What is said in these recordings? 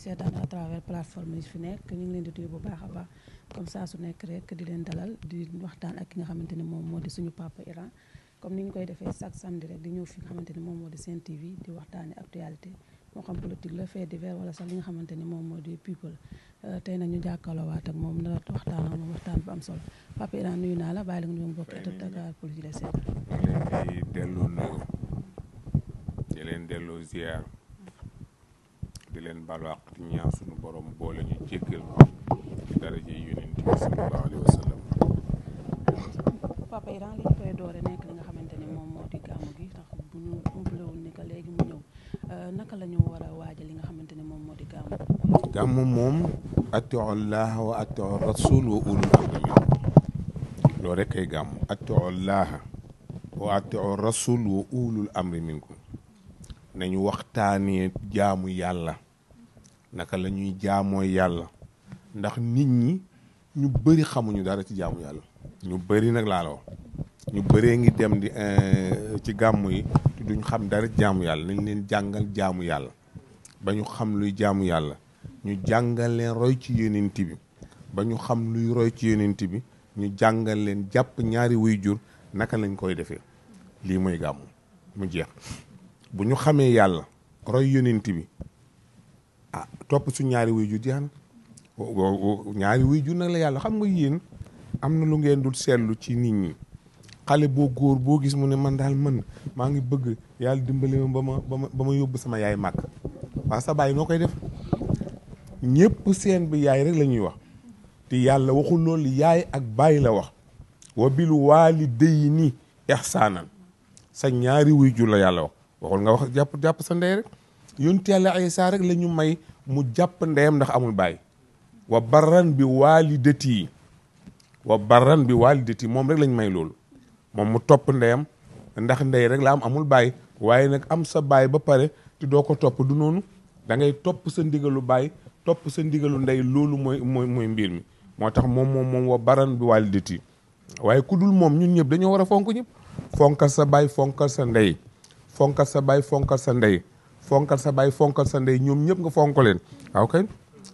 seetaan à travers plateforme yi fi nekk ñu leen di tuyu bu baax a baax comme saa su nekk rek di leen dalal di waxtaan ak ki nga xamante ne moom moo di suñu papa Iran comme ni ñu koy defee chaque samedi rek di ñëw fi nga xamante ne moom moo di Sen TV di waxtaane actualité moo xam politique la fait divers wala sax li nga xamante ne moom moo di people euh, tey nag ñu jàkkaarloowaat ak moom nar waxtaan ak moom waxtaan bu am solo papa Iran nuyu naa la bàyyi la nga nuyu mbokk état Dakar di leen baal wàq di ñaan suñu boole ñu jéggal ci daraja yonent bi sallallahu alayhi wa sallam papa yi daal li ñu koy doore nekk li nga xamante ni moom moo di gàmmu gi euh, gàmmu moom atiu llah wa wa ulul amri minkum wa atiu amri minkum nañu waxtaanee jaamu yàlla naka la ñuy jaamooy yàlla ndax nit ñi ñu bëri xamuñu dara ci jaamu yàlla ñu bari nag laa la wax ñu bëree ngi dem di euh, ci gàmm yi duñ xam dara jaamu yàlla nañ leen jàngal jaamu yàlla ba ñu xam luy jaamu yàlla ñu jàngal leen roy ci yonent bi ba ñu xam luy roy ci yonent bi ñu jàngal leen jàpp ñaari jur naka lañ koy defee lii mooy gàmmu mu jeex bu ñu xamee yàlla roy yonent bi ah topp suñ ñaari wuy jur ñaari wuy jur nag la yàlla xam nga yéen am na lu ngeen dul seetlu ci nit ñi xale boo góor boo gis mu ne man daal man maa ngi bëgg yàlla dimbali ma ba ma yóbbu sama yaay màkk waaw sa baay noo koy def ñëpp seen bi yaay rek la ñuy wax te yàlla waxul loolu yaay ak bàyyi la wax wa bil waalidayni ihsaanan sa ñaari wuy jur la yàlla wax waxul nga wax jàpp jàpp sa ndey rek yonent yàlla Isaa rek la ñu may mu jàpp ndeyam ndax amul baay wa barran bi waalidati wa barran bi waalidati moom rek lañ may loolu moom mu topp ndeyam ndax ndey rek laa am amul baay waaye nag am sa baay ba pare te doo ko topp du noonu dangay topp sa ndigalu baay topp sa ndigalu ndey loolu mooy mooy mooy mi moo tax moom moom moom wa baran bi waalidati waaye ku dul moom ñun ñëpp dañoo war a fonk ñëpp fonkal sa baay fonk sa ndey fonkal sa baay fonkal sa ndey fonkal sa baay fonkal sa ndey ñoom ñëpp nga fonk leen waaw kay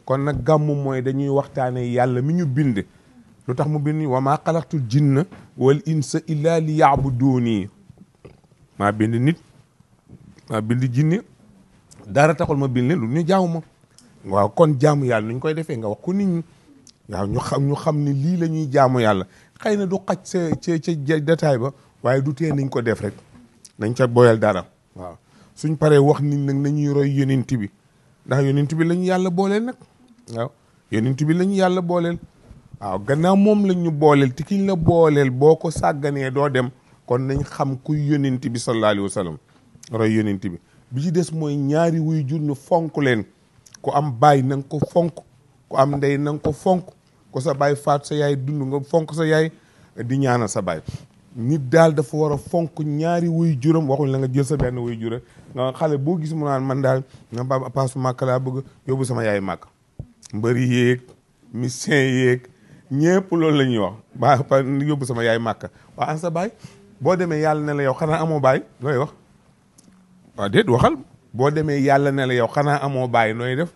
kon nag gàmmu mooy dañuy waxtaane yàlla mi ñu bind lu tax mu bind wa maa xalaqtul jinna wal insa illa li yaabuduuni maa bind nit maa bind jinne dara taxul ma bind lu ñu jaamu ma waaw kon jaamu yàlla niñ koy defee nga wax ko nit ñi ñu xam ñu xam ne lii la ñuy jaamu yàlla xëy na du xaj sa ca ca détail ba waaye du tee nañ ko def rek nañ ca boyal dara waaw suñ paree wax nit nag nañuy roy yonent bi ndax yonent bi lañu yàlla booleel nag waaw bi lañu yàlla booleel waaw gannaaw moom lañ ñu booleel te kiñ la booleel boo ko sàgganee doo dem kon nañ xam kuy yonent bi sallallahu alayhi wa sallam roy yonent bi bi ci des mooy ñaari wuy jur ñu fonk leen ku am baay na ko fonk ku am ndey na ko fonk ko sa baay faat sa yaay dund nga fonk sa yaay di ñaanal sa baay nit daal dafa war a fonk ñaari wuy juram waxuñ la nga jël sa benn wuy jura nga xale boo gis mu naan man daal nga ba paasu màkk laa bëgg yóbbu sama yaay màkk mbëri yéeg mission yéeg ñëpp loolu la ñuy wax ba pa yóbbu sama yaay màkk waa an sa baay boo demee yàlla ne la yow xanaa amoo baay looy wax waaw waxal boo demee yàlla ne la yow xanaa amoo baay nooy def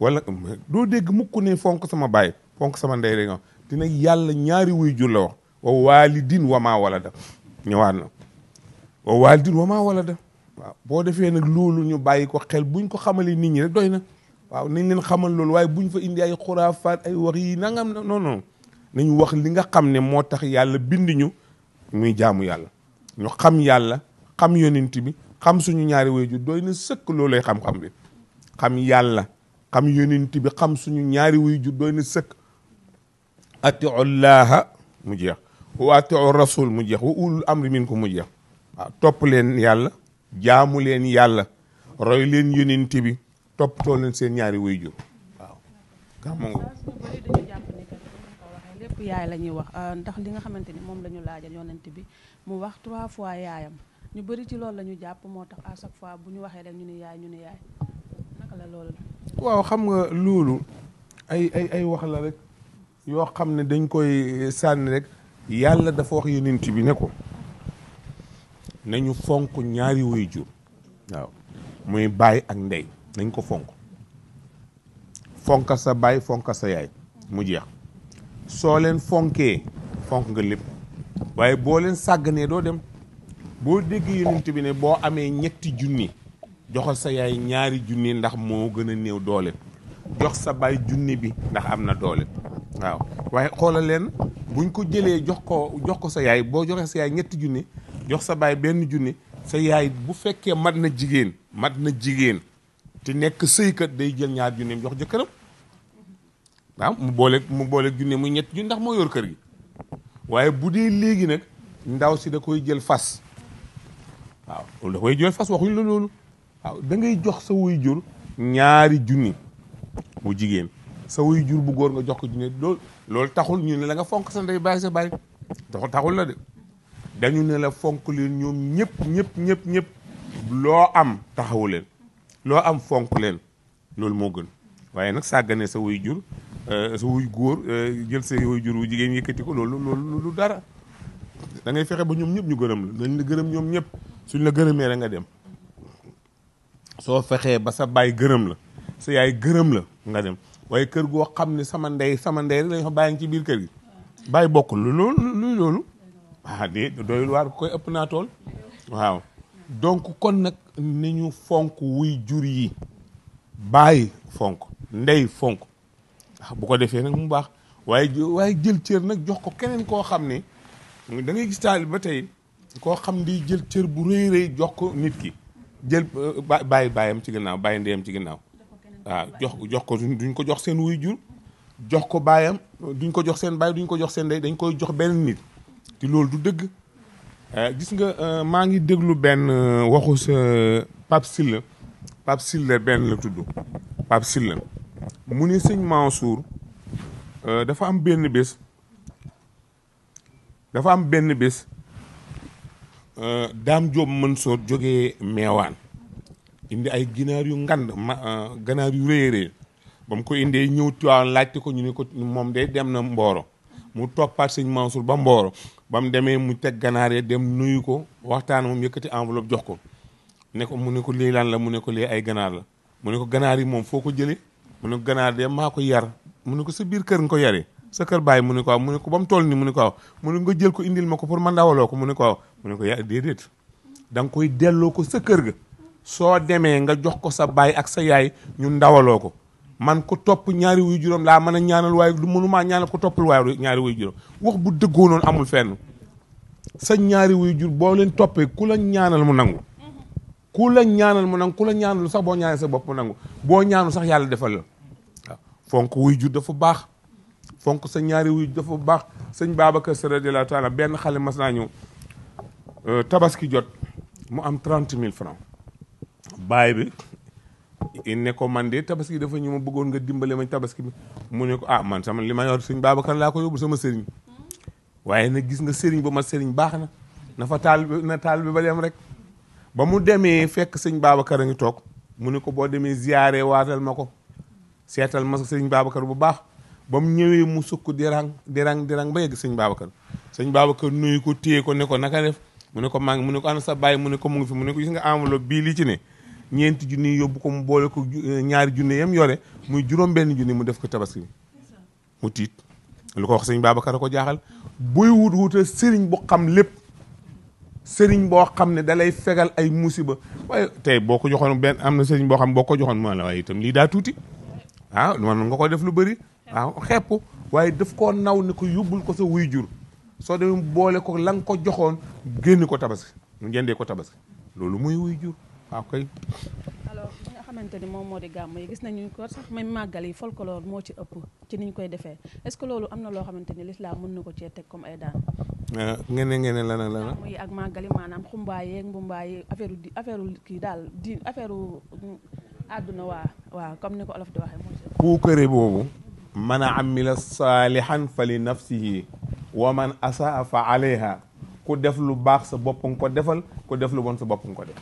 wala doo dégg mukk ne fonk sama baay fonk sama ndey rek nga dina yàlla ñaari wuy jur la wax wo waalidin wa maa walada ñëwaat na wa waalidin wa maa walada boo defee nag loolu ñu bàyyi ko xel buñ ko xamali nit ñi rek doy na waaw nañ leen xamal loolu waaye buñ fa indi ay xuraafaat ay wax yi nangam na non ni ñu wax li nga xam ne moo tax yàlla bind ñu muy jaamu yàlla ñu xam yàlla xam yonent bi xam suñu ñaari waajur doy na sëkk loolay xam-xam xam yàlla xam yonent bi xam suñu ñaari waajur doy na sëkk ati ollaaha mu jeex wa atiu rasul mu jeex wa ulul amri minkum mu jeex waaw topp leen yàlla jaamu leen yàlla roy leen yonent bi toppatoo leen seen ñaari waajur waaw gàmmu nga lépp yaay la ñuy wax euh, ndax li nga xamante ni moom la ñu laajal yonent bi mu wax trois fois yaayam ñu bëri ci loolu la jàpp moo tax à chaque fois bu ñu waxee rek ñu ni yaay ñu ni yaay naka la xam nga loolu ay ay ay wax la rek yoo xam ne dañ koy sànni rek yàlla dafa wax yonent bi ne ko nañu fonk ñaari way jur waaw muy baay ak ndey nañ ko fonk fonka sa baay fonka sa yaay mu jeex soo leen fonkee fonk nga lépp waaye boo leen sàgganee doo dem boo dégg yonent bi ne boo amee ñetti junni joxal sa yaay ñaari junni ndax moo gën a néew doole jox sa baay junni bi ndax am na doole waaw waaye xoolal buñ ko jëlee jox ko jox ko sa yaay boo joxee sa yaay ñetti junni jox sa baay benn junni sa yaay bu fekkee mat na jigéen mat na jigéen te nekk sëykat day jël ñaar junneem jox jëkkëram waaw mu booleeg mu booleeg junne muy ñetti junni ndax moo yor kër gi waaye bu dee léegi nag ndaw si da koy jël fas waaw da jël fas waxuñ la jox sa wuy ñaari junni bu jigéen sa wuy jur bu góor nga jox ko junne loolu loolu taxul ñu ne la nga fonk sa ndey bàyyi sa bàyyi taxul taxul la de dañu ne la fonk leen ñoom ñëpp ñëpp ñëpp ñëpp loo am taxawu leen loo am fonk leen loolu moo gën waaye nag sàggane sa wuy jur euh, sa wuy góor euh, jël sa wuy jur wu jigéen yëkkati ko loolu loolu dara dangay fexe ba ñoom ñëpp ñu gërëm la dañ la gërëm ñoom ñëpp suñ la gërëmee rek nga dem soo fexee ba sa baay gërëm la sa yaay gërëm la nga dem waaye kër goo xam ne sama ndey sama ndey rek lañ fa bàyyi ci biir kër gi bàyyi bokkul lu loolu loolu ah de doyul waar koy ëpp naa tool waaw donc kon nag ni ñu fonk wuy jur yi bàyyi fonk ndey fonk ah bu ko defee nag mu baax waaye waaye jël cër nag jox ko keneen koo xam ne da ngay gis taal ba tey koo xam di jël cër bu rëy rëy jox ko nit ki jël euh, bàyyi bàyyam ci gannaaw bàyyi ndeyam ci gannaaw waaw jox jox ko duñ ko jox seen wuy jur jox ko baayam duñ ko jox seen baay duñ ko jox seen day dañ koy jox benn nit ti loolu du dëgg eh, gis nga eh, maa ngi déglu benn eh, waxu sa Pape Sylla Pape Sylla benn la tudd Pape Sylla mu ni sëñ Mansour dafa am benn bés dafa am benn bés jom Diop soo jógee meewaan indi ay ginaar yu ngand ma ganaar yu rëy rëy ba ko indee ñëw Tiwaawan laajte ko ñu ne ko moom de dem na Mboro mu toppaat sëñ Mansour ba Mboro ba mu demee mu teg ganaar dem nuyu ko waxtaan moom yëkkati enveloppe jox ko ne ko mu ne lii lan la mu ne ko lee ay ganaar la mu ne ko ganaar yi moom foo ko jëlee mu ne ko ganaar de maa ko yar mu ne ko sa biir kër nga ko yaree sa kër baay mu ne ko waaw mu ne ko ba mu toll nii mu ne ko waaw mu ko jël ko indil ma ko pour man dawaloo ko mu ne ko mu ne ko ya déedéet da nga delloo ko sa kër ga soo demee nga jox ko sa baay ak sa yaay ñu ndawaloo ko man ko topp ñaari wuy juróom laa mën a ñaanal waaye du mënumaa ñaanal ko toppul waaye ñaari wuy juróom wax bu dëggoo noonu amul fenn sa ñaari wuy jur boo leen toppee ku la ñaanal mu nangu ku la ñaanal mu nangu ku la ñaanal sax boo ñaanal sa bopp mu nangu boo ñaanu sax yàlla defal la waaw fonk wuy jur dafa baax fonk sa ñaari wuy jur dafa baax sëñ Babacar Sy radiyallahu taala benn xale mas naa ñëw euh, tabaski jot mu am trente mille francs baay bi ne ko man de tabaski dafa ñu ma bëggoon nga dimbale ma tabaski bi mu ne ko ah man sama li ma yor sëñ Babacar laa ko yóbbu sama sëriñ waaye nag gis nga sëriñ ba ma sëriñ baax na na fa taal bi na bi ba dem rek ba mu demee fekk sëñ Babacar a ngi toog mu ne ko boo demee ziyaare waatal ma ko seetal ma sëñ Babacar bu baax ba mu mu sukk dirang dirang dirang ba yegg sëñ Babacar sëñ Babacar nuyu ko téye ko ne ko naka def mu ne ko maa ngi mu ne ko ana sa bàyyi mu ne ko mu ngi fi mu ne ko nga enveloppe bii lii ci ne ñeenti junni yóbbu ko mu boole ko eh, ñaari junni yam yore muy juróom benn junni mu def ko tabaski bi mu tiit lu ko wax sëñ Babacar a ko jaaxal buy wut wutal sëriñ bu xam lépp sëriñ boo xam ne dalay fegal ay musiba waaye tey boo ko joxoon benn am na sëriñ boo xam boo ko joxoon moo la waaye itam lii daa tuuti waaw ah, man nga ko def lu bari waaw ah, xepp waaye def koo naw ni ko yóbbul ko se wuy jur soo demee boole ko la nga ko joxoon génn ko tabaski mu jëndee ko tabaski loolu muy wuy jur waaw ah, kay. alors li nga xamante ni moom moo di gàmm yi gis nañu ko sax même màggal yi folklore moo ci ëpp ci niñ koy defee est-ce que loolu am na loo xamante ni lislaam mën na ko cee teg comme ay daan. Euh, ngene ngene lana lana muy ak màggali maanaam xumbaay yeeg mbumbaay affaire di affaire kii daal di affaire àdduna waa waaw comme ni ko olof di waxee mooy puukare boobu man amila saalihan fa li nafsihi wa man asaa fa aleyha ku def lu baax sa bopp nga ko defal ku def lu bon sa bopp nga ko def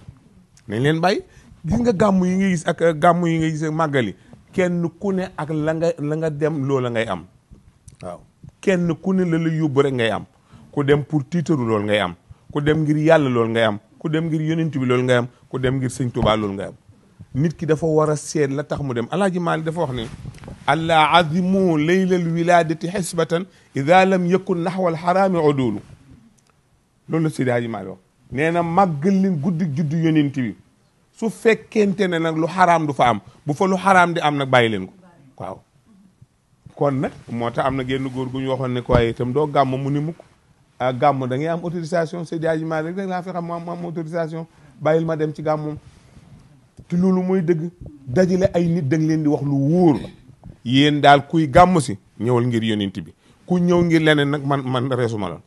nañ leen bàyyi gis nga gàmm yi nga gis ak euh, gàmm yi nga gis ak kenn ku ne ak la nga la nga dem loola ngay am waaw kenn ku ne la la yóbbu rek ngay am ku dem pour tiitaru loolu ngay am ku dem ngir yàlla lool ngay am ku dem ngir yonent bi loolu ngay am ku dem ngir sëñ Tuubaa loolu ngay am nit ki dafa war a seet la tax mu dem alaaji Maalik dafa wax ne allah azimu laylal wiladati xisbatan ida lam yakun naxwa alxaraami odulu loolu la Seydi Haaji Maalik nee na màggal leen guddi juddu yonent bi su fekkente ne nag lu xaraam du fa am bu fa lu xaraam di am nag bàyyi leen ko waaw kon nag moo tax am na génn góor gu ñu waxoon ne ko waaye itam doo gàmm mu ni mukk ah, gàmm da ngay am autorisation Seydi Hadji Malick rek laa fi xam mu am autorisation bàyyil ma dem ci gàmmum te loolu muy dëgg dajale ay nit da leen di wax lu wóor yéen daal kuy gàmm si ñëwal ngir yonent bi ku ñëw ngir leneen nag man man resuma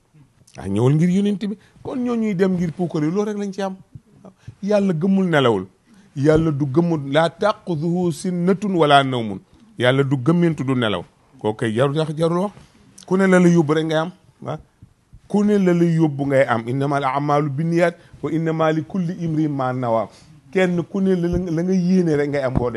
waaw ñëwal ngir yonent bi kon ñoo ñuy dem ngir puukar yi loolu rek lañ ci am yàlla gëmmul nelawul yàlla du gëmmul laa taquduhu sinnatun wala nawmun yàlla du gëmmintu du nelaw koo koy jaru jax jarul wax ku ne la la yóbbu rek ngay am waaw ah ku ne la la yóbbu ngay am innama al amalu binniyaat wa innama li kulli imri ma nawa kenn ku ne la la nga yéene rek ngay am boo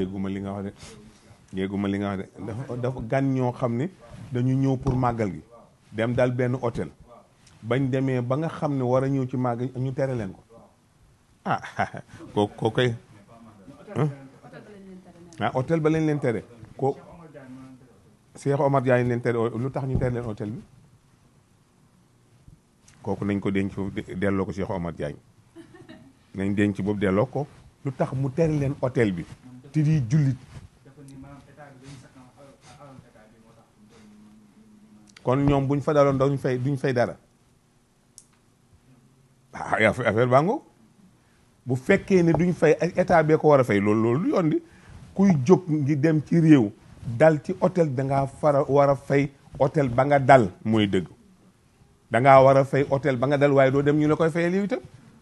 dégguma li nga wax de dégguma li nga de dafa gan ñoo xam ne dañu ñëw pour màggal gi dem daal benn hôtel bañ demee ba nga xam ne war a ñëw ci màgg ñu tere leen ko ah ko ko koy ah, ba lañ leen tere ko Cheikh Omar Diagne leen tere lu tax ñu tere nañ ko denc delloo ko Cheikh Omar Diagne nañ denc boobu delloo ko lu tax mu tere leen hôtel bi te di jullit kon ñoom buñ fa daloon duñ fay duñ fay dara ah, affaire bango bu fekkee ni duñ fay ak état bee ko war a fay lool loolu du di kuy jóg ngi dem ci réew dal ci hôtel dangaa fara war a fay hôtel ba nga dal mooy dëgg dangaa war a fay hôtel ba nga dal waaye doo dem ñu la koy fayal yow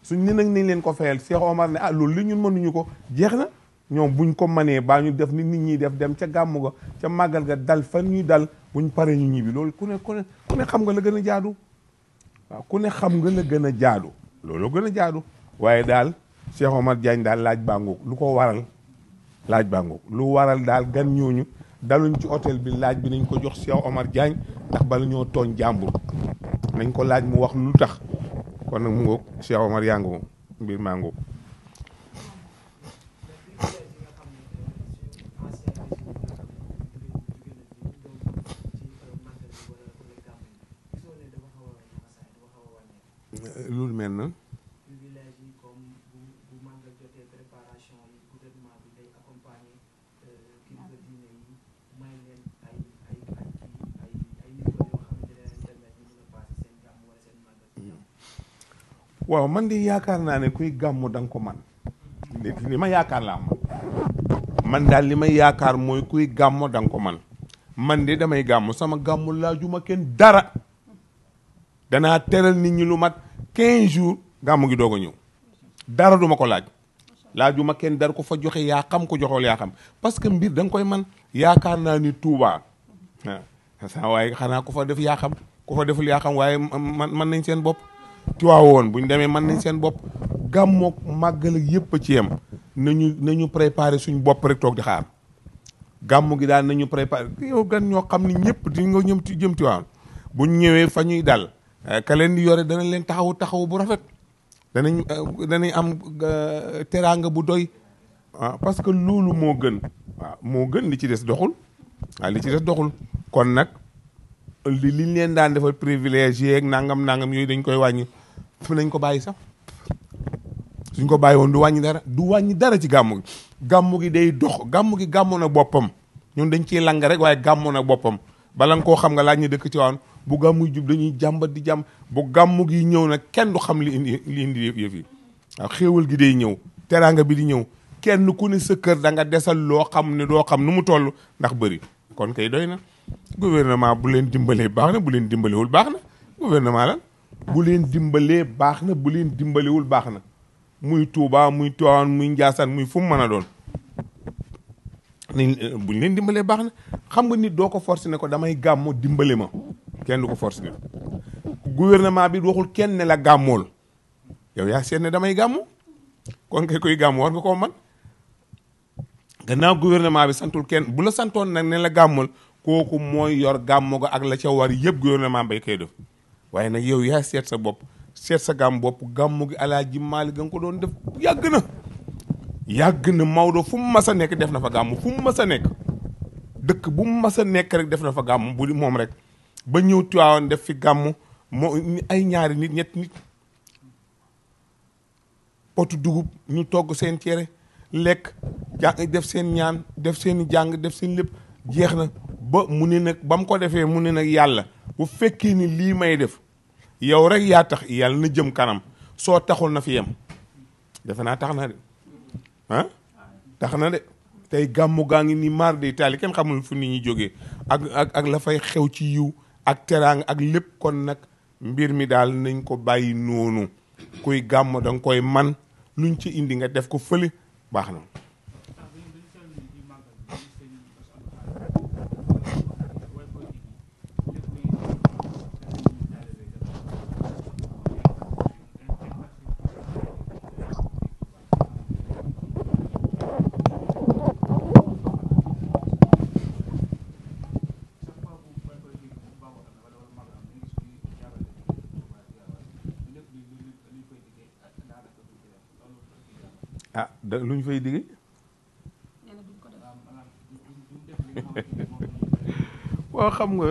suñ ni nag nañ leen ko fayal Cheikh Omar ne ah loolu li ñun mënuñu ko jeex na ñoom buñ ko manee baa ñu def ni nit ñi def dem ca gàmmu ga ca màggal ga dal fan ñuy dal buñ paree ñu ñibbi loolu ku ne ku ne ku ne xam nga la gën a jaadu waaw ku ne xam nga la gën a jaadu loolu gën a jaadu waaye daal Cheikh Omar Diagne daal laaj bàngoog lu ko waral laaj bàngoog lu waral daal gan ñooñu daluñ ci otel bi laaj bi nañ ko jox Cheikh Omar Diagne ndax bala ñoo tooñ jàmbur nañ ko laaj mu wax lu tax kon nag mu ngoog Cheikh Omar yaa ngoog mbir maa ngoog loolu euh, waaw man di yaakaar naa ne kuy gàmmu da ko man li ma yaakaar laa man man daal li ma yaakaar mooy kuy gàmmu da ko man man di damay gàmmu sama gàmmu laajuma kenn dara danaa teral nit ñi lu mag 15 jours gàmmu gi doog ko ñëw dara duma ko laaj laajuma kenn dar ko fa joxe yaa xam ko joxool yaa xam parce que mbir da nga koy man yaakaar naa ni Touba waaw waaye xanaa ku fa def yaa xam ku fa deful yaa xam waaye man mën nañ seen bopp Tiwaawoon bu ñu demee mën nañ seen bopp gàmmoog màggal ak yëpp a ci yem nañu nañu préparé suñu bopp rek toog di xaar gàmmu gi daal nañu préparé yow gan ñoo xam ne ñëpp di nga ñëm jëm Tiwaawoon bu ñ ñëwee fa ñuy dal Euh, ka leen di yore danañ leen taxawu taxawu bu rafet danañ euh, danañ am euh, teraanga bu doy ah parce que loolu moo gën waaw ah, moo gën li ci des doxul waaw ah, li ci des doxul kon nag li liñ leen daan defal privilégié ak nangam nangam yooyu dañ koy wàññi fu nañ ko bàyyi sax suñ ko bàyyi woon du wàññi dara du wàññi dara ci gàmmu gi gàmmu gi day dox gàmmu gi gàmmu na boppam ñun dañ ciy lang rek waaye gàmmu na boppam bala nga koo xam nga laaj ñu dëkk ci woon bu gàmmuy jub dañuy jàmbat di jàmm bu gàmmu gi ñëw nag kenn du xam li indi li indi yëf yi waaw gi day ñëw teraanga bi di ñëw kenn ku ne sa danga desal loo xam ne doo xam nu mu toll ndax bëri kon kay doy na gouvernement bu leen dimbalee baax na bu leen dimbalewul baax na gouvernement lan bu leen dimbalee baax na bu leen dimbalewul baax na muy Touba muy Tiwaawan muy Njaasaan muy fu mu mën a doon ni eh, buñ leen dimbalee baax na xam nga nit doo ko forcé ne ko damay gàmmu dimbale ma kenn lu ko force ni gouvernement bi waxul kenn ne la gàmmool yow yaa seet ne damay gàmmu kon kay koy gàmmu war nga koo man gannaaw gouvernement bi santul kenn bu la santoon nag ne la gàmmool kooku mooy yor gàmmu ga ak la ca war yëpp gouvernement bay koy def waaye nag yow yaa seet sa bopp seet sa gàmm bopp gàmmu gi Alaaji Maalik ga ko doon def yàgg na yàgg na Maodo fu mu mas a nekk def na fa gàmm fu mu mas a nekk dëkk bu mu mas nekk rek def na fa gàmm moom rek ba ñëw Tiwaawan def fi gàmmu moo ay ñaari nit ñetti nit potu dugub ñu togg seen cere lekk jàng def seen ñaan def seen jàng def seen lépp jeex na ba mu ne nag ba mu ko defee mu ne nag yàlla bu fekkee ni lii may def yow rek yaa tax yàlla na jëm kanam soo taxul na fi yem defe naa tax na de ah tax na de tey gàmmu gaa ngi ni maar de taali kenn xamul fu nit ñi jógee ak ak ak la fay xew ci yiw ak teraang ak lépp kon nag mbir mi daal nañ ko bàyyi noonu kuy gàmm da koy man luñ ci indi nga def ko fële baax na xam nga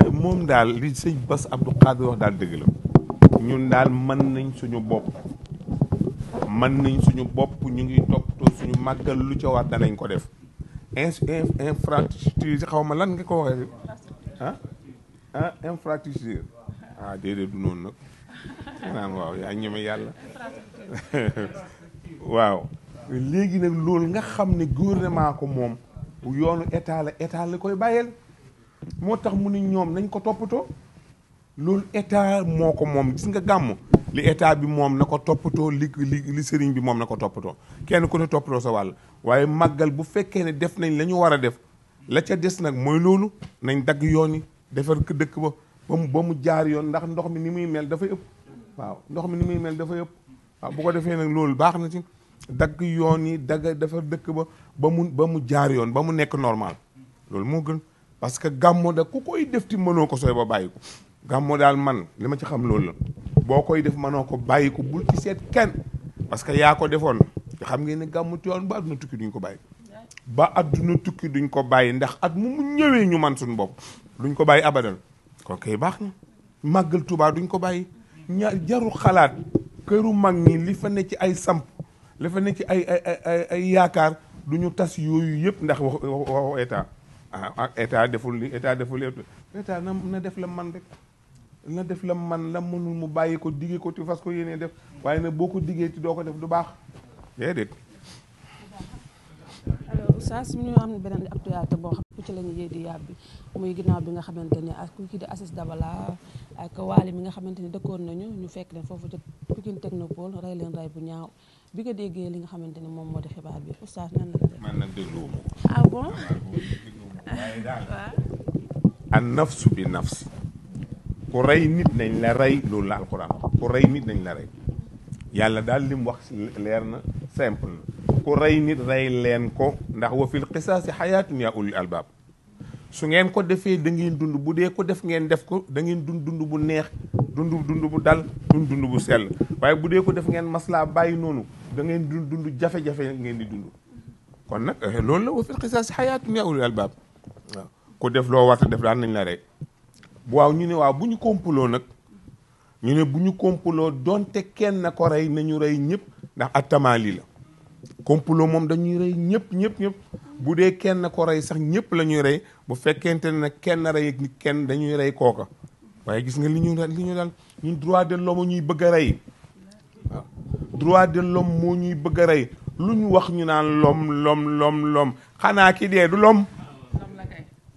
euh, moom daal li sëñ Bass Abdou Khadre wax daal dëgg ñun daal mën nañ suñu bopp mën nañ suñu bopp ñu ngi toppatoo suñu màggal lu ca war danañ ko def infrastructure xaw ma lan nga ko waxee ah du noonu nag naan waaw yaa ñeme yàlla waaw léegi nag loolu nga xam ne gouvernement ko moom yoonu état la état la koy bàyyeel moo tax mu ni ñoom nañ ko toppatoo loolu état moo ko moom gis nga gàmmu li état bi moom na ko toppatoo li li li sëriñ bi moom na ko toppatoo kenn ku ne toppatoo sa wàll waaye màggal bu fekkee ne def nañ la ñu war a def la ca des nag mooy loolu nañ dagg yoon yi defar ko dëkk ba ba mu ba mu jaar yoon ndax ndox mi ni muy mel dafay ëpp waaw ndox mi ni muy mel dafay ëpp waaw bu ko defee nag loolu baax na ci dagg yoon yi dagg defar dëkk ba ba mu ba mu jaar yoon ba mu nekk normal loolu moo gën parce que gàmmo da ku koy def ti mënoo ko sooy ba bàyyi ko gàmmo daal man li ma ci xam loolu la boo koy def mënoo ko bàyyi ko bul ci seet kenn parce que yaa ko defoon xam ngeen ne gàmmu Tiwaawan ba adduna tukki duñ ko bàyyi ba adduna tukki duñ ko bàyyi ndax at mu ñëwee ñu man suñu bopp duñ ko bàyyi abadal kon kay baax na màggal Tuubaa duñ ko bàyyi ña jaru xalaat këru mag ñi li fa ne ci ay samp li fa ne ci ay ay ay ay yaakaar duñu tas yooyu yëpp ndax wax wax état Ah, ah état deful li état deful li état na na def la man rek na def la man la mënul mu bàyyi ko diggee ko ci fas ko yéenee def waaye nag boo ko diggee ci doo ko def du baax déedéet alors oustaz ñu am beneen actualité boo xam ne ci la ñu yéey di yàbbi muy bi nga xamante ne ak kii di Aziz Dabala ak Waly mi nga xamante ne dëkkoon nañu ñu fekk leen foofu ca Pikine Technopole rey leen rey bu ñaaw bi nga déggee li nga xamante ne moom moo di xibaar bi oustaz nan la man nag dégluwuma ah bon waaye daal an nafsu bi nafsi ku rey nit nañ la rey loolu la alquran ku rey nit nañ la rey yàlla daal li mu wax leer na simple na ku rey nit rey leen ko ndax wa fil qisaasi xayaatun yaa ulil albaab su ngeen ko defee da dund bu dee ko def ngeen def ko da ngeen dund dund bu neex dund dund bu dal dund dund bu sell waaye bu dee ko def ngeen maslaa bàyyi noonu da ngeen dund dund jafe-jafe ngeen di dund kon nag eh, loolu la wa fil xayaatu xayaatun yaa ulil albaab ku def loo war def daan nañ la waaw ñu ne waaw bu ñu kompaloo nag ñu ne bu ñu kompaloo donte kenn na ko rey na ñu rey ñëpp ndax attamaali la kompaloo moom dañuy rey ñëpp ñëpp ñëpp bu dee kenn na ko rey sax ñëpp la ñuy rey bu fekkente ne nag kenn rey kenn dañuy rey kooka waaye gis nga li ñu li ñu daal ñun droit de l'homme ñuy bëgg a rey waaw droit de l'homme moo ñuy bëgg a rey lu ñu wax ñu naan lom lom lom lom xanaa ki dee du lom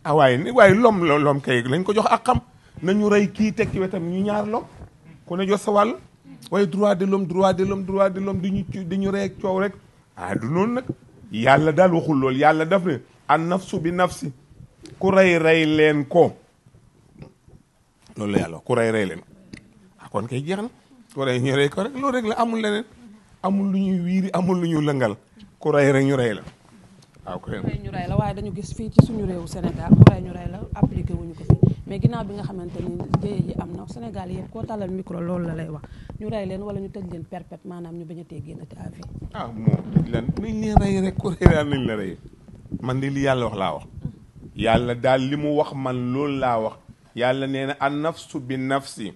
ah waaye ni waaye lom la lom kay lañ ko jox ak xam nañu rey kii teg ci wetam ñu ñaar lom ku ne jot sa wàll waaye droit de l'homme droit de l'homme droit de l'homme di ñu di coow rek ah du noonu nag yàlla daal waxul lool yàlla daf ne an nafsu bi nafsi ku rey rey leen ko loolu la yàlla ku rey rey leen ah, kon kay jeex na ku rey ñu rey ko rek loolu rek la amul leneen amul lu ñuy wiiri amul lu ñuy lëngal ku rey rek ñu rey la waaw ah, rey ñu la waaye dañu gis fii ci suñu réewu Sénégal ku rey ñu rey la appliqué wuñu ko fi mais ginnaaw bi nga xamante ni jéye ji am na Sénégal yëpp koo talal micro loolu la lay wax ñu rey leen wala ñu tëj leen perpète maanaam ñu bañ a tee génnati à vie ah moom leen li yàlla wax laa wax yàlla daal li mu wax man loolu laa wax yàlla nee na an nafsu bi nafsi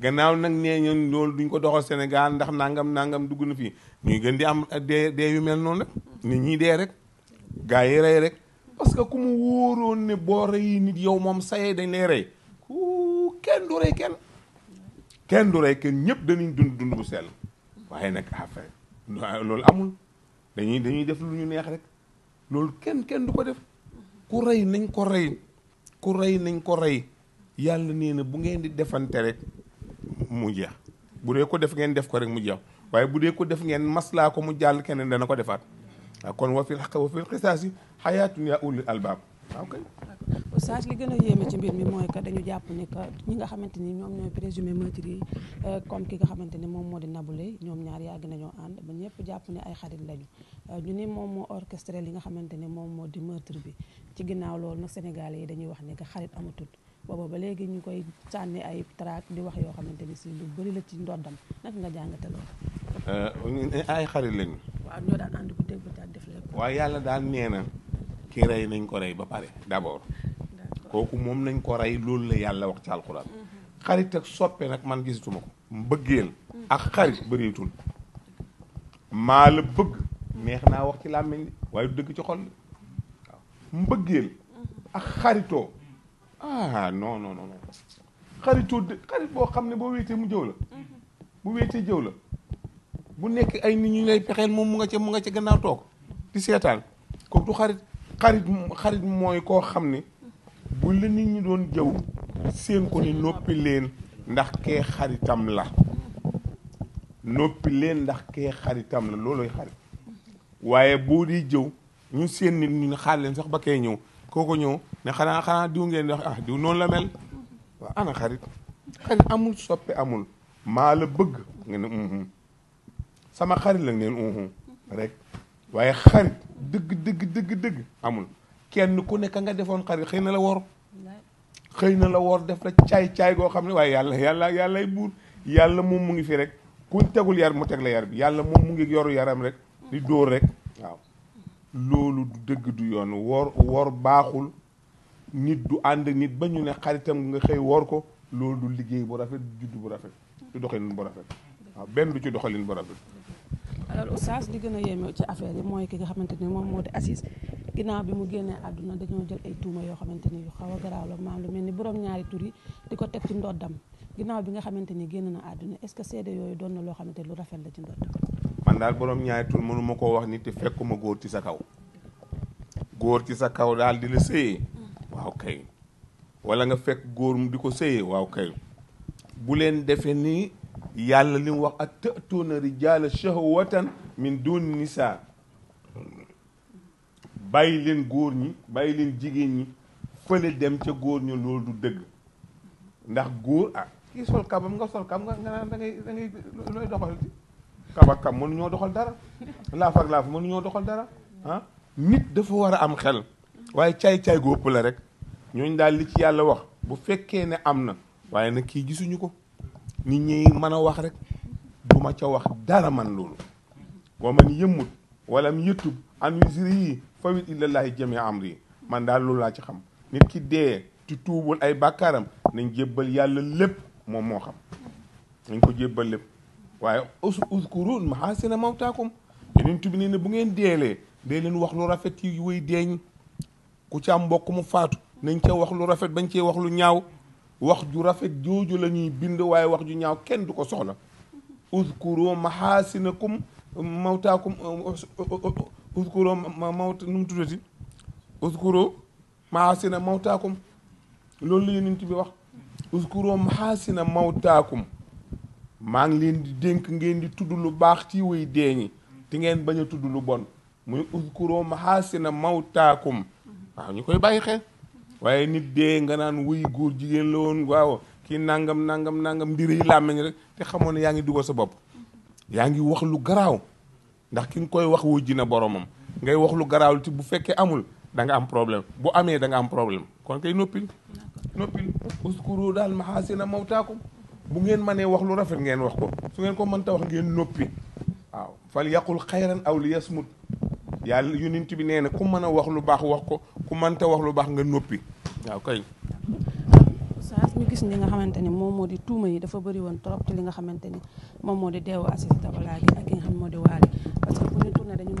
gannaaw nag nee ñun loolu duñ ko doxal Sénégal ndax nangam nangam dugg na fii ñuy gën di am dee dee yu mel noonu rek nit ñi dee rek gaa yi rey rek parce que ku mu wóoroon ne boo rey nit yow moom sayee dañ lay rey ku kenn du rey kenn du rey kenn ñëpp dañuy dund dund bu sell waaye nag affaire loolu amul dañuy dañuy def lu ñu neex rek loolu kenn kenn du ko def ku rey nañ ko rey ku rey nañ ko rey yàlla nee na bu ngeen di defante rek mu jeex bu dee ko def ngeen def ko rek mu jeex waaye bu dee ko def ngeen maslaa ko mu jàll keneen dana ko defaat waaw ah, kon wa fil wa fil xisaasi xayaatun yaa ulil albaab waaw ah, kay li gën a yéeme ci mbir mi mooy que dañu jàpp ni que ñi nga xamante ni ñoom ñooy présumé meurtre yi euh, comme ki nga xamante ni moom moo di nabule ñoom ñaar yàgg nañoo ànd ba ñëpp jàpp ne ay xarit lañu euh, ñu ni moom moo orchestré li nga xamante ni moom moo di meurtre bi ci ginnaaw loolu nag sénégalais yi dañuy wax ne que xarit amatul booba ba léegi ñu koy sànni ay traak di wax yoo xamante ni si lu bëri la ci ndoddam nag nga jàngate loolu euh, ay xarit lañu waa ñoo def waaye yàlla daal nee na ki rey nañ ko rey ba pare d'abord. kooku moom nañ ko rey loolu la yàlla wax ci alxuraan. Mhm. xarit ak soppe nag man gisatuma ko. mbëggeel mhm. ak xarit bëreetul. maa la bëgg. wax ci làmmiñ li dëgg ci xol waaw mbëggeel mhm. ak xaritoo ah xarit boo xam ne boo wéetee mu jëw la bu wéetee jëw la. bu nekk ay nit ñu lay pexeel moom mu nga ca mu nga ci gannaaw toog di seetaan ko du xarit xarit xarit mooy koo xam ne bu la nit ñu doon jëw seen ko ni noppi leen ndax kee xaritam la noppi leen ndax kee xaritam la looloy xarit waaye boo di jëw ñu seen nit ñu xaal leen sax ba kee ñëw kooko ñëw ne xanaa xanaa diw ngeen wax ah, diw noonu la mel waaw ana xarit xarit amul soppi amul maa la bëgg nga ne sama xarit la ngeen uhu rek waaye xarit dëgg dëgg dëgg dëgg amul kenn ku nekk nga defoon xarit xëy na la wor xëy na la wor def la caay caay goo xam ne waaye yàlla yàlla yàllay buur yàlla moom mu ngi fi rek kuñ tegul yar mu teg la yar bi yàlla moom mu ngi yoru yaram rek di dóor rek waaw loolu du dëgg du yoon wor wor baaxul nit du ànd nit ba ñu ne xaritam nga xëy wor ko loolu du liggéey bu rafet du judd bu rafet du doxalin bu rafet waaw benn du ci doxalin bu rafet alors oustaz li gën a yéeme ci affaire yi mooy ki nga xamante ni moom moo di assis ginnaaw bi mu génnee àdduna dañoo jël ay tuuma yoo xamante ni yu xaw a garaaw la maam lu mel ni borom ñaari tur yi di ko teg ci ndoddam ginnaaw bi nga xamante ni génn na àdduna est-ce que seede yooyu doon na loo xamante lu rafet la ci ndoddam man daal borom ñaari tur mënu ma koo wax ni te fekkuma góor ci sa kaw góor ci sa kaw daal di la séyee waaw kay wala nga fekk góor mu di ko séyee waaw kay bu leen defe yàlla li mu wax ak tëtuuna rijaala shahwatan min duni saa bàyyi leen góor ñi bàyyi leen jigéen ñi fële dem ca góor ña loolu du dëgg ndax góor ah kii sol kabam nga sol kam nga nga dangay da ngay da ngay looy doxal kaba kam mënu ñoo doxal dara laaf ak laaf mënu ñoo doxal dara ah. nit dafa war a am xel waaye caay-caay gu la rek ñooñ daal li ci yàlla wax bu fekkee ne am na waaye nag kii gisuñu ko nit ñi mën a wax rek bu ma ca wax dara man loolu wa man yëmmut wala mu yëttub an wisri yi fawit illallaahi jami amri man daal loolu laa ci xam nit ki dee ci tuubul ay bakkaaram nañ jébbal yàlla lépp moom moo xam nañ ko jébbal lépp waaye us uskuru mahasina mawtaakum yeneen tubi nee ne bu ngeen deelee dee leen wax lu rafet yi wuy deeñ ku ci am mbokk mu faatu nañ ca wax lu rafet bañ cee wax lu ñaaw wax ju rafet jooju la ñuy bind waaye wax ju ñaaw kenn du ko soxla uzkuru mahaasinakum mawtaakum uzkuru mawt nu mu tuddati uzkuru mahaasina mawtaakum loolu la yonent bi wax uzkuru mahaasina mawtaakum maa ngi leen di dénk ngeen di tudd lu baax ci wuy deeñi te ngeen baña tudd lu bon muy uzkuru mahaasina mawtaakum waaw ñu koy bàyyi xel waaye nit dee nga naan wuy góor jigéen la woon waaw kii nangam nangam nangam mbir yi ngi rek te xamoon ne yaa ngi dugal sa bopp yaa ngi wax lu garaaw ndax ki nga koy wax wujji na boromam ngay wax lu garaaw ti bu fekkee amul da nga am problème bu amee da nga am problème kon kay noppil noppil uskuru daal maxaasina mawtaakum bu ngeen manee wax lu rafet ngeen wax ko su ngeen ko mënta wax ngeen noppi waaw fal yaqul xayran aw li yasmut yàlla yonent bi nee na ku mën a wax lu baax wax ko ku mënta wax lu baax nga noppi waaw kay saas ñu gis ni nga xamante ni moom moo di tuuma yi dafa bari woon trop ci li nga xamante ni moom moo di deewu Aziz Dabala gi ak nga moo di waale que bu ñu tourné dañu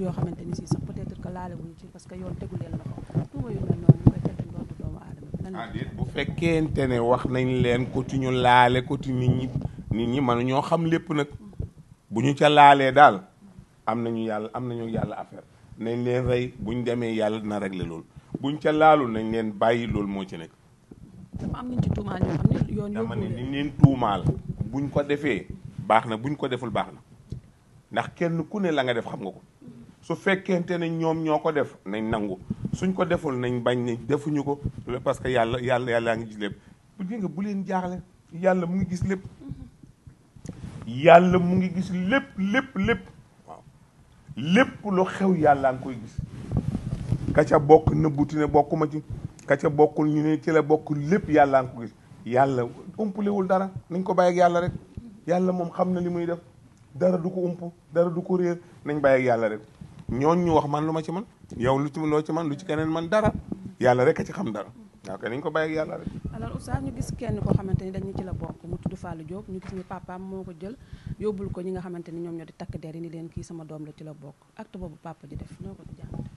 yoo xamante ni si sax peut être que laale ci parce que yoon tegu leen la tuuma yu mel noonu ñu koy tegu doomu aadama ah, bu fekkente ne wax nañ leen ko ci ñu laale ko ci nit ñi nit ñi mënu ñoo xam lépp nag bu ñu ca laalee daal am nañu yàlla am nañu yàlla affaire nañ leen rey buñ demee yàlla dina régler lool buñ ca laalu nañ leen bàyyi lool moo ci nekk. dafa am tuumaal ne yoon dama ne niñ leen buñ ko defee baax na buñ ko deful baax na ndax kenn ku ne la nga def xam nga ko su fekkente ne ñoom ñoo ko def nañ nangu suñ ko deful nañ bañ ne defuñu ko parce que yàlla yàlla yàllaa ngi gis lépp bu nga bu leen jaaxle yàlla mu ngi gis lépp yàlla mu ngi gis lépp lépp lépp lépp lu xew yàlla nga koy gis ka bokk na ne bokkuma ci ka ca bokkul ñu ne ci la bokkul lépp yàlla nga ko gis yàlla wul dara nañ ko bàyyi ak yàlla rek yàlla moom xam na li muy def dara du ko ump dara du ko réer nañ bàyyi ak yàlla rek ñooñ ñu wax man lu ma ci man yow lu ci loo ci man lu ci keneen man dara yàlla rek a ci xam dara waaw kay ko bàyyi yàlla rek. alors ñu gis kenn koo xamante ni dañu ci la bokk mu tudd Fallou Diop ñu gis ni papaam moo ko jël yóbbul ko ñi nga xamante ni ñoom ñoo di takk der yi ni leen kii sama doom la ci la bokk acte boobu papa ji def noo ko di jàngate.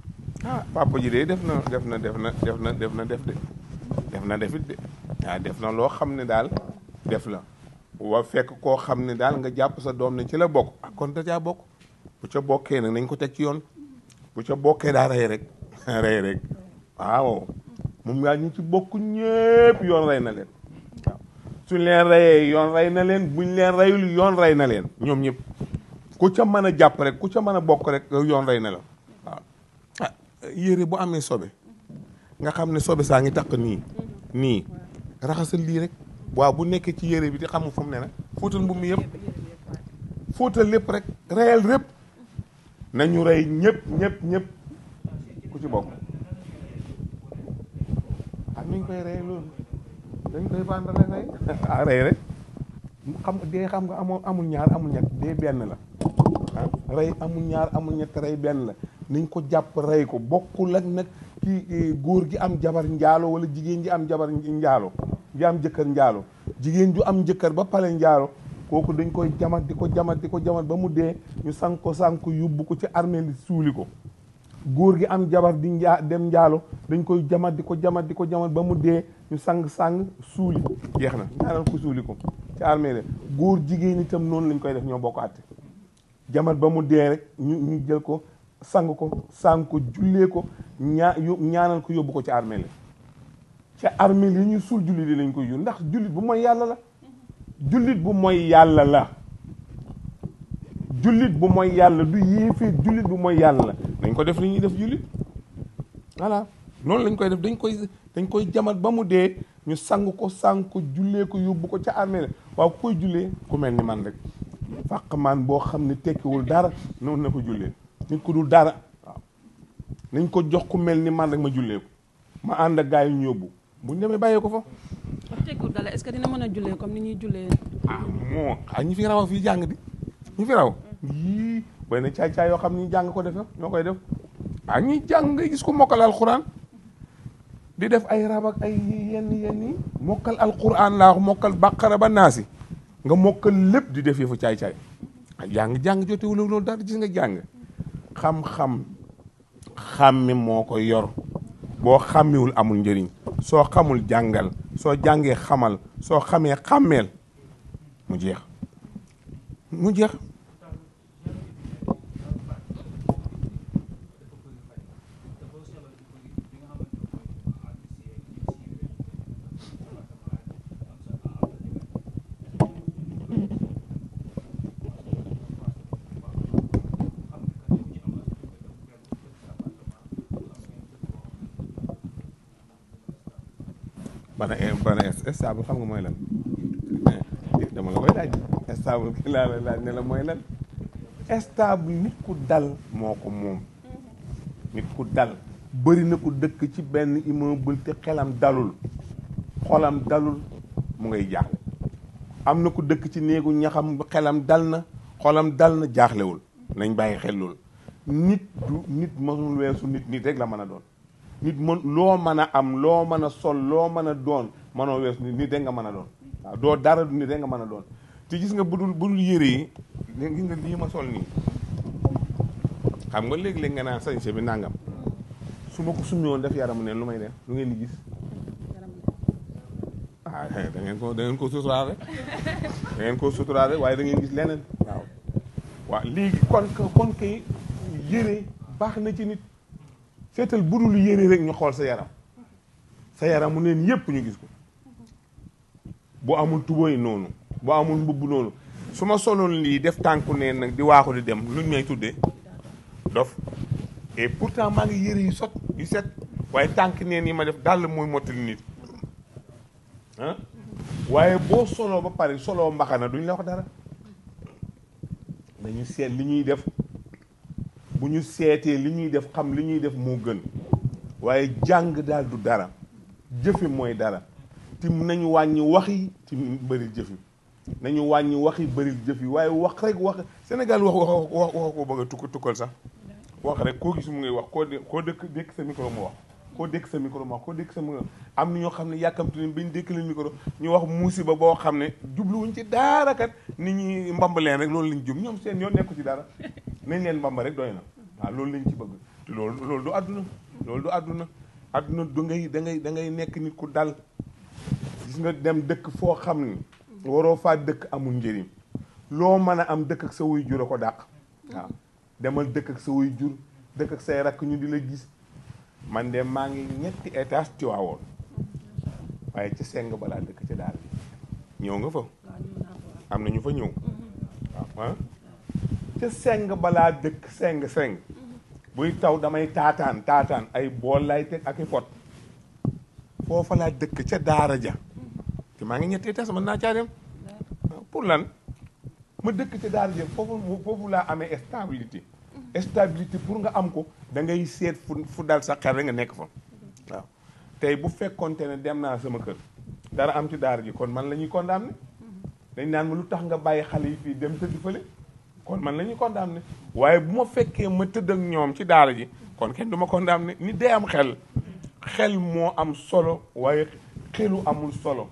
ah def na def na def na def na def na def de na def it ah, def na loo xam ne daal def la wa fekk koo xam ne daal nga jàpp sa doom ne ci la bokk ah kon da bokk bu ca bokkee nag nañ ko teg ci yoon bu ca bokkee daa rey rek rey rek waaw. moom yaa ñu ci bokk ñépp yoon rey na leen waaw suñ leen reyee yoon rey na leen buñ leen reyul yoon rey na leen ñoom ñépp ku ca mën a jàpp rek ku ca mën a bokk rek yoon rey na la waaw ah, yére bu amee sobe nga xam ne sobe saa ngi takk nii nii raxasal lii rek waa bu nekkee ci yére bi di xamu fu mu ne nag fóotal mbubb yépp yëpp fóotal lépp rek reyal lépp nañu rey ñépp ñëpp ñëpp ku ci bokk nuñ koy rey loolu dañ koy bandale rey ah rey rek xam dee xam nga amoo amul ñaar amul ñett dee ah, rey amul ñaar amul ñett benn la nañ ko jàpp rey ko bokkul ak nag kii góor gi am jabar njaalo wala jigéen ji am jabar njaalo ji am jëkkër njaalo jigéen ju am jëkkër ba pare njaalo kooku dañ koy jamat di ko jamat di ko jamat ba mu dee ñu sànq ko sànq yóbbu ko ci armeel li suuli ko góor gi am jabar di njaa dem njaalo dañ koy jamat di ko jamat di ko jamat ba mu dee ñu sang-sang suuli jeex na ñaanal ko suuli ko ci armée góor jigéen itam noonu lañ koy def ñoo bokk àtte jamat ba mu dee ñu ñu jël ko sang ko sang jullee ko ñaa ñaanal ko yóbbu ko ci armée la ca armée yi ñuy suul jullit yi lañ koy yóbbu ndax jullit bu mooy yàlla la mm-hmm. jullit bu mooy yàlla la jullit bu mooy yàlla du yéefee jullit bu mooy yàlla la dañ ko def li ñuy def jullit voilà noonu lañ koy def dañ koy dañ koy jamat ba mu dee ñu sang ko sang ko jullee ko yóbbu ko ca armée waaw ku koy jullee ku mel ni man rek fàq man boo xam ne tekkiwul dara noonu na ko jullee nit ku dul dara waaw nañ ko jox ku mel ni man rek ma jullee ko ma ànd ak gaa yi ñu yóbbu bu ñu demee bàyyee ko fa. tekkiwul dara est-ce que dina mën a jullee comme ni ñuy jullee. ah moo ah ñi fi raw fii jàng di ñi fi raw. yii bay na caay-caay yoo xam ni jàng ko defe ñoo koy def ah ñuy jàng gis ko mokkal alquran di def ay rab ak ay yenn yenn yi mokkal alquran laa mokkal bàqara ba naasi nga mokkal lépp di def yëfu caay-caay jàng-jàng jotewul loolu daal gis nga jàng xam-xam xàmmi moo ko yor boo xàmmiwul amul njariñ soo xamul jàngal soo jàngee xamal soo xamee xàmmeel mu jeex mu jeex bana bana stable xam nga mooy lan eh, dama laa la mooy lan stable nit ku dal moo ko moom nit ku dal bëri na ku dëkk ci benn immeuble te xelam dalul xolam dalul mu ngay jaaxle am na ku dëkk ci néegu ñaxam xelam dal na xolam dal na jaaxlewul nañ bàyyi xel loolu nit du nit mënul weesu nit nit rek la mën a doon nit mën loo mën a am loo mën a sol loo mën a doon mënoo wees nit nit rek nga mën a doon waaw doo dara du nit rek nga mën a doon te gis nga budul budul yére yi gis nga lii ma sol nii xam nga léeg-léeg nga naan sañse bi nangam su ma ko summiwoon def yaramu neen lu may de lu ngeen di gis ah ko da ko suturaale da ngeen ko suturaale waaye da ngeen gis leneen waaw waaw léegi kon kon kay yére baax na ci nit seetal budul yére rek ñu xool sa yaram sa yaram mu neen yépp ñu gis ko bu amul tubóoy noonu bu amul mbubb noonu su ma soloon lii def tànku neen nag di waaxul di dem luñ may tuddee dof et pourtant maa ngi yére yu sot yu set waaye tànk neen yi ma def dàll mooy mottali nit waaye boo soloo ba pare soloo mbaxana duñ la wax dara dañu seet li ñuy def bu ñu seetee li ñuy def xam li ñuy def moo gën waaye jàng daal du dara jëfe mooy dara te nañu wàññi wax yi te bëri jëfi nañu wàññi wax yi bëri jëf yi waaye wax rek wax Sénégal wax wax wax wax ko bëgg a tukk tukkal sax wax rek koo gis mu ngay wax koo koo dëkk dékk sa micro mu wax koo dékk sa micro mu wax koo dékk sa micro am na ñoo xam ne yàkkamtu ne bañ dékk leen micro ñu wax musiba boo xam ne jubluwuñ ci daara kat nit ñi mbamb leen rek loolu lañ jëm ñoom seen yoon nekku ci dara nañ neen bamba rek dooy na waaw loolu lañ ci bëgg te loolu loolu du àdduna loolu du àdduna àdduna du ngay da ngay nekk nit ku dal gis nga dem dëkk foo xam ne waroo faa dëkk amul njëriñ loo mën a am dëkk ak sa wuy jur ko dàq demal dëkk ak dëkk say rakk ñu di la gis man de maa ngi ñetti étage ci waawoon waaye ci seng balaa dëkk ci daal bi ñëw nga fa am na ñu fa ñëw mm-hmm. ah. ca seng balaa dëkk seng seng buy taw damay taataan taataan ay bool lay teg ak i pot foofa laa dëkk ca daara ja te maa ngi ñetti tas mën naa caa dem pour lan ma dëkk ca daara ja foofu laa amee stabilité stabilité pour nga am ko dangay seet fu fu dal sa xel rek nga nekk fa waaw tey bu fekkonte ne dem naa sama kër dara am ci daara ji kon man la ñuy condamné mm-hmm. dañ naan ma lu tax nga bàyyi xale yi fii dem tëdd fële kon man la ñuy condamné waaye bu ma fekkee ma tëdd ak ñoom ci daara ji kon kenn du ma condamné ni day am xel xel moo am solo waaye xelu amul solo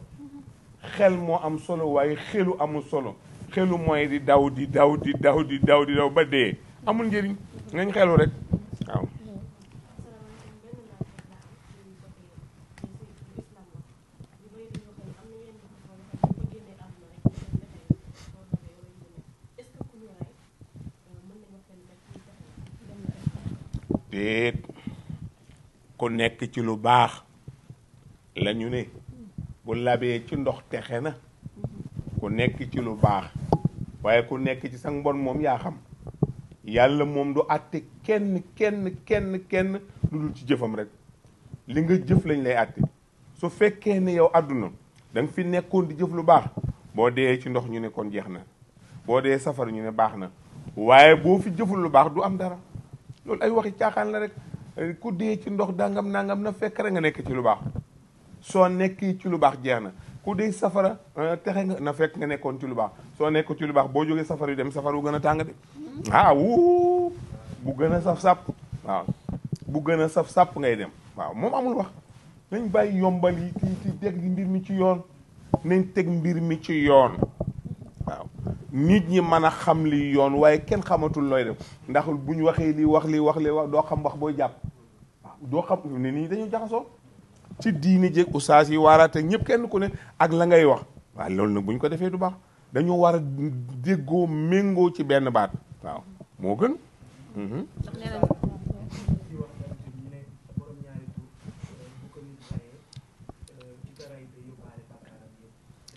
xel moo am solo waaye xelu amul solo xelu mooy di daw di daw di daw di daw di daw ba dee amul njëriñ nañ xelu rek waaw déet ku nekk ci lu baax la ñu ne bu labee ci ndox texe na ku nekk ci lu baax waaye ku nekk ci sa mbon moom yaa xam yàlla moom du àtte kenn kenn kenn kenn lu dul ci jëfam rek li nga jëf lañ lay àtte su fekkee ne yow àdduna da fi nekkoon di jëf lu baax boo dee ci ndox ñu ne kon jeex na boo dee safar ñu ne baax na waaye boo fi jëful lu baax du am dara loolu ay waxi caaxaan la rek ku dee ci ndox dangam nangam na fekk rek nga nekk ci lu baax soo nekk ci lu baax jeex na ku dee safara euh, texe nga na fekk nga nekkoon ci lu baax soo nekk ci lu baax boo jógee safara yu dem safara wu gën a tàng de ah, gën a saf sàpp waaw bu gën a saf sàpp ngay dem waaw moom amul wax nañ bàyyi yombal yi ti ti teg mbir mi ci yoon nañ teg mbir mi ci yoon nit ñi mën a xam li yoon waaye kenn xamatul looy def ndax bu ñu waxee li wax li wax lii wax doo xam wax booy jàpp doo xam ne nit ñi dañu jaxasoo ci diini jéeg ustaas yi waaraate ñëpp kenn ku ne ak la ngay wax waaw loolu nag bu ñu ko defee du baax dañoo war a déggoo méngoo ci benn baat waaw moo gën mhm.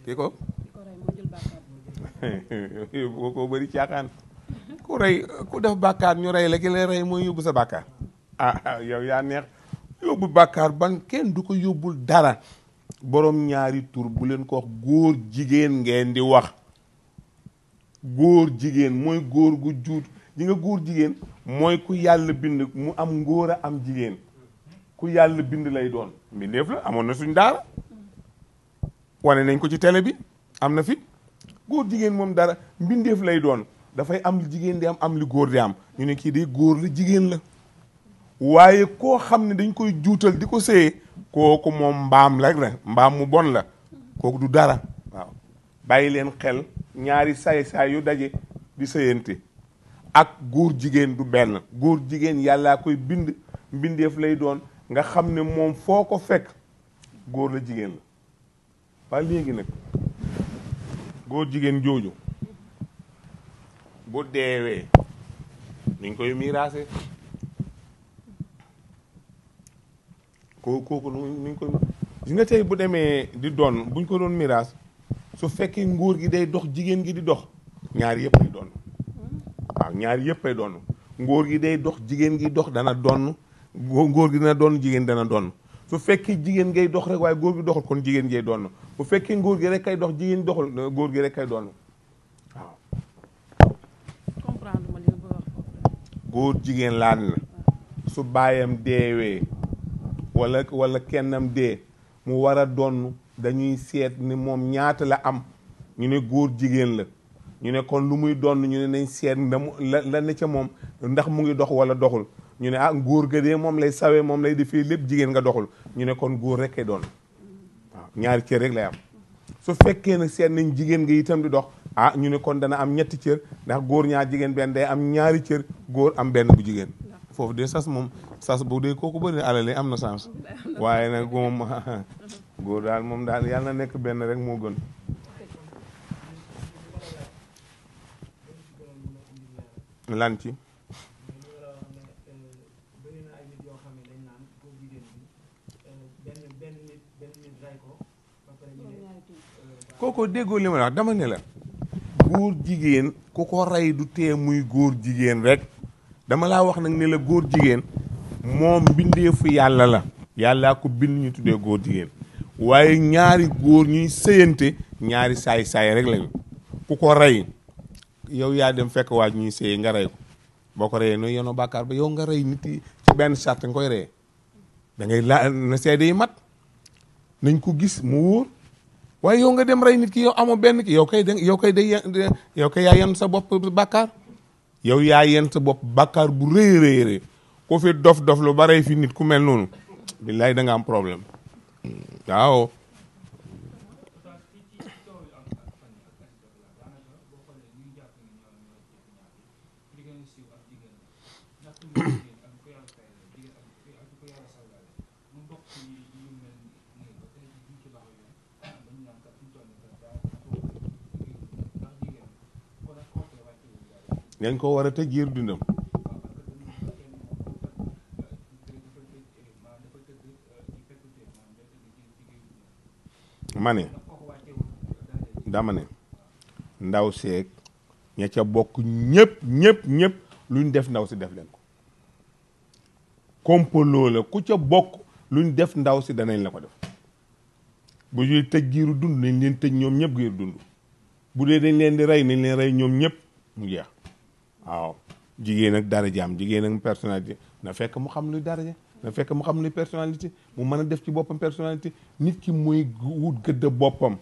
kii ko boo ko bëri caaxaan ku rey ku def bàkkaar ñu rey la ki lay rey mooy yóbbu sa bàkkaar ah, ah yow yaa neex yóbbu bàkkaar ban kenn du ko yóbbul dara boroom ñaari tur bu leen ko góor jigéen ngeen di wax góor jigéen mooy góor gu juut ji nga góor jigéen mooy ku yàlla bind mu am ngóor a am jigéen ku yàlla bind lay doon mbindeef la amoon na suñ daara wane nañ ko ci tele bi am na fi góor jigéen moom dara mbindeef lay doon dafay am li jigéen di am am li góor di am ñu ne kii de góor la jigéen la waaye koo xam ne dañ koy juutal di ko séyee kooku moom mbaam rek mbaam mu bon la kooku du dara waaw bàyyi leen xel ñaari saay-saay yu daje di séyante ak góor jigéen du benn góor jigéen yàllaa koy bind mbindeef lay doon nga xam ne moom foo ko fekk góor la jigéen la waa léegi nag góor jigéen jooju bu deewee niñ koy miraase koo kooku niñ koy gis nga tey bu demee di doon buñ ko doon miraas su fekkee nguur gi day dox jigéen gi di dox ñaar yëpp ay waaw ñaar yëpp ay doon nguur gi day dox jigéen gi dox dana doon ngóor gi dana donn jigéen dana donn su fekkee jigéen gay dox rek waaye góor gi doxul kon jigéen ngay doon bu fekkee euh, góor gi rek ay dox jigéen doxul góor gi rek doon góor jigéen laan su baayam deewee wala wala kennam dee mu war a doon dañuy seet ni moom ñaata la am ñu ne góor jigéen la ñu ne kon lu muy doon ñu ne nañ seet moom ndax mu ngi dox wala doxul. ñu ne ah góor ga dee moom lay sawee moom lay defee lépp jigéen nga doxul ñu ne kon góor rek doon ñaari cër rek lay am su fekkee nag seet nañ jigéen nga itam di dox ah ñu ne kon dana am ñetti cër ndax góor ñaar jigéen benn day am ñaari cër góor am benn bu jigéen foofu de sas moom sas bu dee kooku bëri alale am na sens waaye nag moom góor daal moom daal yàlla na nekk benn rek moo gën lan ci kookoo déggoo li ma wax dama ne la góor jigéen ku ko rey du tee muy góor jigéen rek dama laa wax nag ne la góor jigéen moom mbindeefu yàlla la yàlla ku bind ñu tuddee góor jigéen waaye ñaari góor ñuy sëyante ñaari saay-saay rek lañu ku ko rey yow yaa dem fekk waaj ñuy sëye nga rey boo ko reyee nooy yenoo bàkkaar ba yow nga rey nit yi ci benn sart nga koy reyee da ngay laa na seede yi mat nañ ko gis mu wóor waaye yow nga dem rey nit ki yow amoo benn ki yow kay de yow kay day yow kay sa bopp bàkkaar yow yaa yenn sa bopp bàkkaar bu rëy rëy fi dof dof lu ba rey fi nit ku mel noonu billaay da am problème nañ ko war a tëj giir dundam mane ne dama ne ndaw seeg ña ca bokk ñépp ñépp ñëpp luñ def ndaw si def leen ko kompaloo la ku ca bokk luñ def ndaw si danañ la ko def bu ñuy tëj giiru dund nañ leen tëj ñoom ñëpp giiru dund bu dee dañ leen di rey nañ leen rey ñoom ñëpp mu jeex waaw jigéen ak darajaam jigéen ak personnalité na fekk mu xam luy daraja na fekk mu xam luy personnalité mu mën a def ci boppam personnalité nit ki muy wut gëdd boppam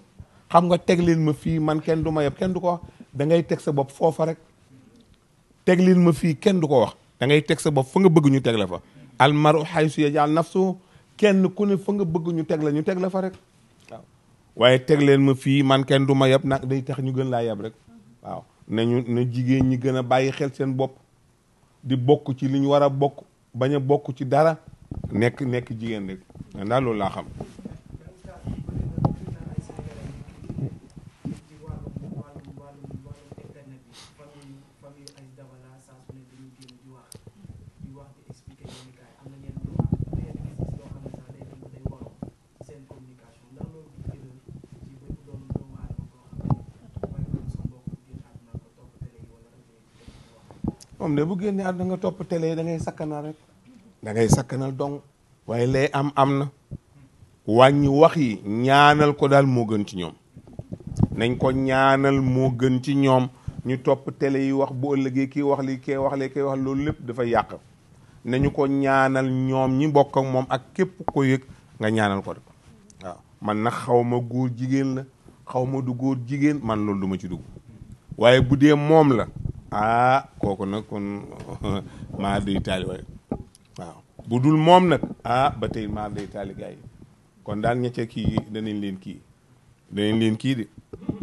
xam nga teg leen ma fii man kenn du ma kenn du ko da ngay teg sa bopp foofa rek teg leen ma fii kenn du ko wax da teg sa bopp fa nga bëgg ñu teg la fa almaru haysu yajal nafsu kenn ku ne fa nga bëgg ñu teg la ñu teg la fa rek waaw teg leen ma fii man kenn du ma nag day tex ñu gën laa yeb rek waaw nañu na jigéen ñi gën a bàyyi xel seen bopp di bokk ci li ñu war a bokk bañ a bokk ci dara nekk nekk jigéen rek ndax loolu laa xam moom de bu génnee àdduna nga topp télé da ngay sakkanal da ngay sakkanal dong waaye lay am am na wàññi wax yi ñaanal ko daal moo gën ci ñoom nañ ko ñaanal moo gën ci ñoom ñu topp télé wax bu ëllëgee kii wax lii kee wax lee kee wax lépp dafa yàq nañu ko ñaanal ñoom ñi bokk ak moom ak képp ko yëg nga ñaanal ko rek man nag xaw ma góor jigéen la xawma du góor jigéen man loolu du ma ci dugg waaye bu dee moom la ah kooku na kon maa day taali waaye bu dul moom nag ah ba tey maa day taali gars kon daal ña ca kii danañ leen kii danañ leen kii de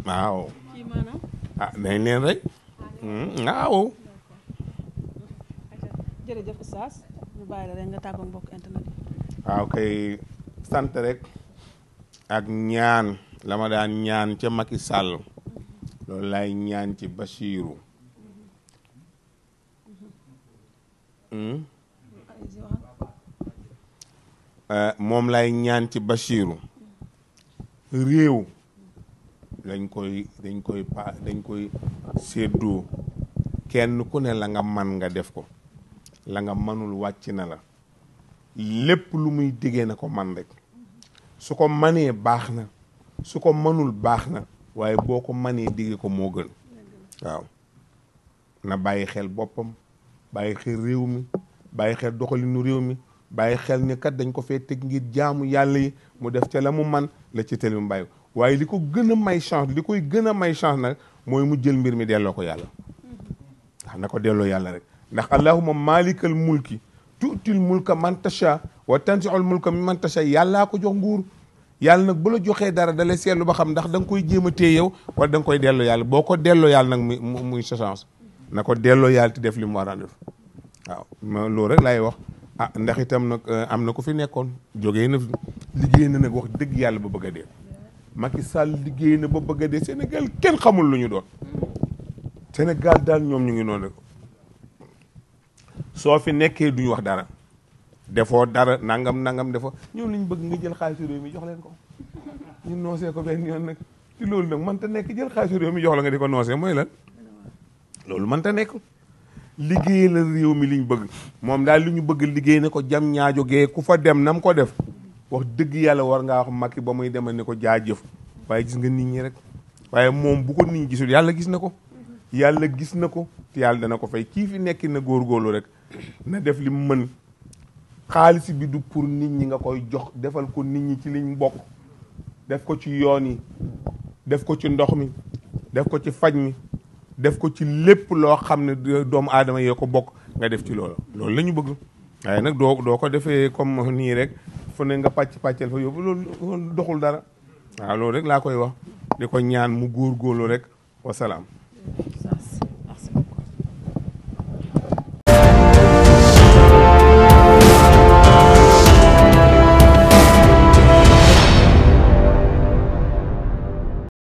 waaw. kii maanaam. Ah, danañ leen hmm, rek nga tàggoog kay sant rek ak ñaan la daan ñaan ca Macky Sall loolu laay ñaan ci Bachirou Euh, moom lay ñaan ci Bachiru réew dañ koy dañ koy pa dañ koy séddoo kenn ku ne la nga man nga def ko la nga manul wàcc na la lépp lu muy diggee na ko man rek su ko manee baax na su ko manul baax na waaye boo ko manee diggee ko moo gën waaw na bàyyi xel boppam bàyyi xel réew mi bàyyi xel doxalinu réew mi bàyyi xel ni kat dañ ko fee teg ngir jaamu yàlla yi mu def ca la mu man la ci teel mu bàyyi waaye li ko gën a may chance li koy gën a may chance nag mooy mu jël mbir mi delloo ko yàlla ndax na ko delloo yàlla rek ndax allahuma malikal mulki tuutil mulka man tasha wa tansiul mulka mi man tasha yàllaa ko jox nguur yàlla nag bu la joxee dara da lay seetlu ba xam ndax da koy jéem a téye yow wala da nga koy delloo yàlla boo ko delloo yàlla nag mu muy sa na ko delloo yàlla ti def li mu war a def waaw loolu rek laay wax a ah, ndax itam nag euh, am na ku fi nekkoon jógee na liggéey na nag wax dëgg yàlla ba bëgg a dee Macky Sall liggéey na ba bëgg a dee Sénégal xamul lu ñu doon Sénégal ñoom ñu ngi noonu fi nekkee duñu wax dara defoo dara nangam nangam defoo ñoom liñ bëgg nga jël xaalisu réew mi jox leen ko ñu noosee ko benn yoon nag loolu nag man nekk jël xaalisu mi jox la nga di ko noosee mooy lan loolu mënta nekk liggéey la réew mi li ñu bëgg moom daal li ñu bëgg liggéey na ko jam ñaajo gee ku fa dem na mu ko def wax dëgg yàlla war ngaa wax Macky ba muy demal ne ko jaajëf waaye gis nga nit ñi rek waaye moom bu ko nit ñi gisul yàlla gis na ko yàlla gis na ko te yàlla na ko fay kii fi nekki na góorgóorlu rek na def li mu mën xaalis bi du pour nit ñi nga koy jox defal ko nit ñi ci liñ bokk def ko ci yoon yi def ko ci ndox mi def ko ci faj mi def ko ci lépp loo xam ne doomu aadama yee ko bokk nga def ci loolu loolu la ñu bëgg waaye nag doo doo ko defee comme nii rek fu ne nga pàcc pàccal fa yóbbu loolu doxul dara waaw loolu rek laa koy wax di ko ñaan mu góor góorgóorlu rek wasalaam